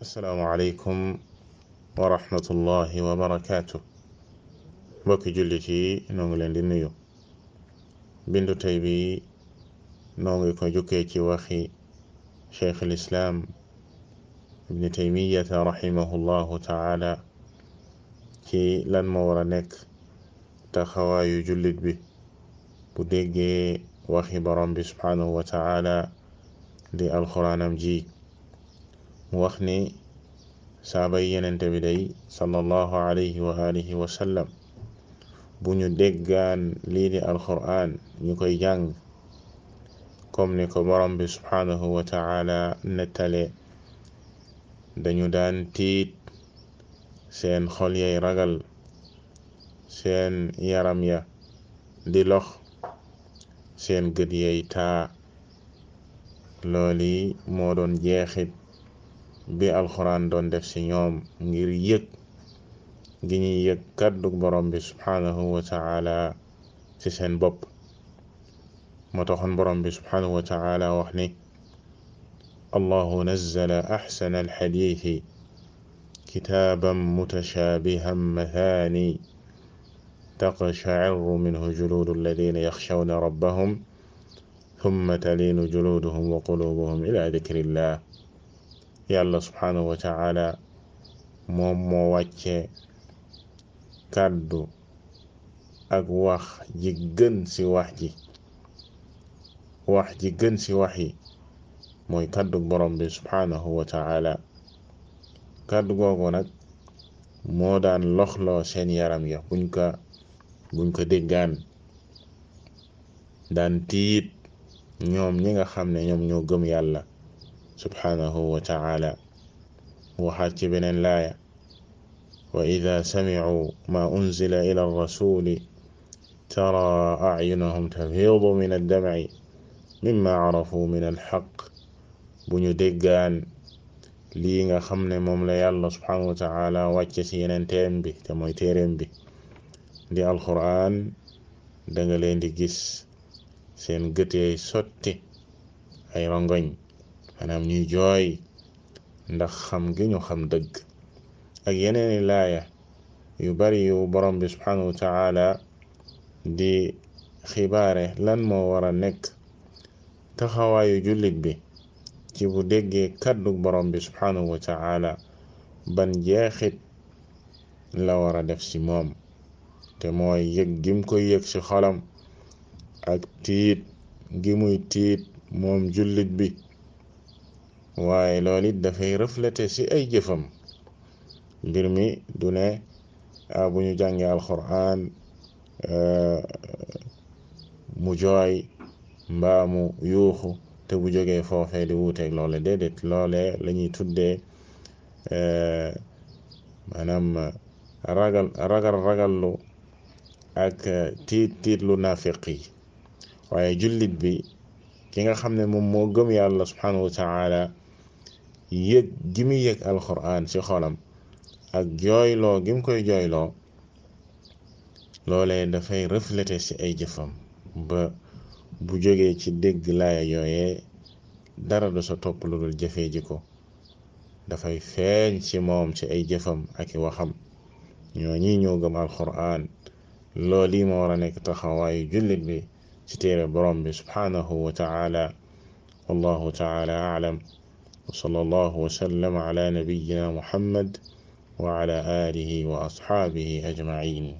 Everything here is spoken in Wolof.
assalaamu aleykum wa wa barakaatu mbokki jullit yi noo leen di nuyu bindu tey bi noo ngi ci waxi cheikh lislaam ibni taymiyata rahimahullahu taala ci lan moo war a nekk taxawaayu jullit bi bu déggee waxi borom bi subhaanahu wa di alxuraanam ji wax ni saabay yenente bi day sallallahu alayhi wa alihi wa bu ñu déggaan lii di alquran ñu koy jàng kom ni ko borom bi subhaanahu wa taala nettale dañu daan tiit seen xol yay ragal seen yaram ya di lox seen gët yay taa looli moo doon jeexit bi alxuraan doon def ci ñoom ngir yëg gi ñuy borom bi subhaanahu wa taala ci seen bopp moo taxoon borom bi subhaanahu wa taala wax ni allahu nazzala axsana alxadiisi kitaaban mutashaabihan mathaani taqshairu minhu juluudu alladina yaxshawna rabbahum thumma taliinu juluuduhum wa quluubuhum ila dikrillah yàlla subhanahu wa taala moom moo wàccee kàddu ak wax ji gën ci wax ji wax ji gën ci wax yi mooy kàddu borom bi subhanahu wa kàddu googu nag moo daan loxloo seen yaram ya buñ ko buñ ko déggaan daan tiit ñoom ñi nga xam ne ñoom ñoo gëm yàlla subhaanahu wa taala mu waxaat ci beneen laaya wa ida samicuu maa unzila ila arrasuli tara acyunahum tafiidu min addamci mimma carafu min alxaq bu ñu déggaan lii nga xam ne moom la yàlla subhaanahu wa taala wàcce ci yeneen teem bi te mooy téeréem bi di alquraan da nga leen di gis seen gëteey sotti ay rongoñ anam ñuy jooy ndax xam gi ñu xam dëgg ak yeneeni laaya yu bari yu borom bi subhanahu wa taala di xibaare lan moo war a nekk taxawaayu jullit bi ci bu déggee kàddu borom bi subhanahu wa ban jeexit la war a def ci moom te mooy yëg gim koy yëg ci xolam ak tiit gi muy tiit moom jullit bi waaye loolu it dafay refléter ci ay jëfam mbir mi dune ne ah, bu ñu jàngee alxuraan euh, mu joy mbaa yuuxu te bu jógee foofee di wuuteeg loole déedéet loole la ñuy tuddee euh, maanaam ragal ragal ragallu ak euh, tiit tiit lu naafiq waaye jullit bi ki nga xam ne moom moo gëm yàlla subhanahu wa yëg gi mu yëg alxuraan ci xolam ak jooyloo gim koy jooyloo loole dafay reflété ci ay jëfam ba bu jógee ci dégg laaya yooyee dara du sa topp lu dul jëfee ji ko dafay feeñ ci moom ci ay jëfam ak i waxam ñoo ñi ñoo gëm alxuraan loolu yi ma war a nekk taxawaayu jullit bi ci téere borom bi subhaanahu wa wa sallallahu wa sallam ala nabiyyina muhammad wa ala alihi wa asxaabihi ajmain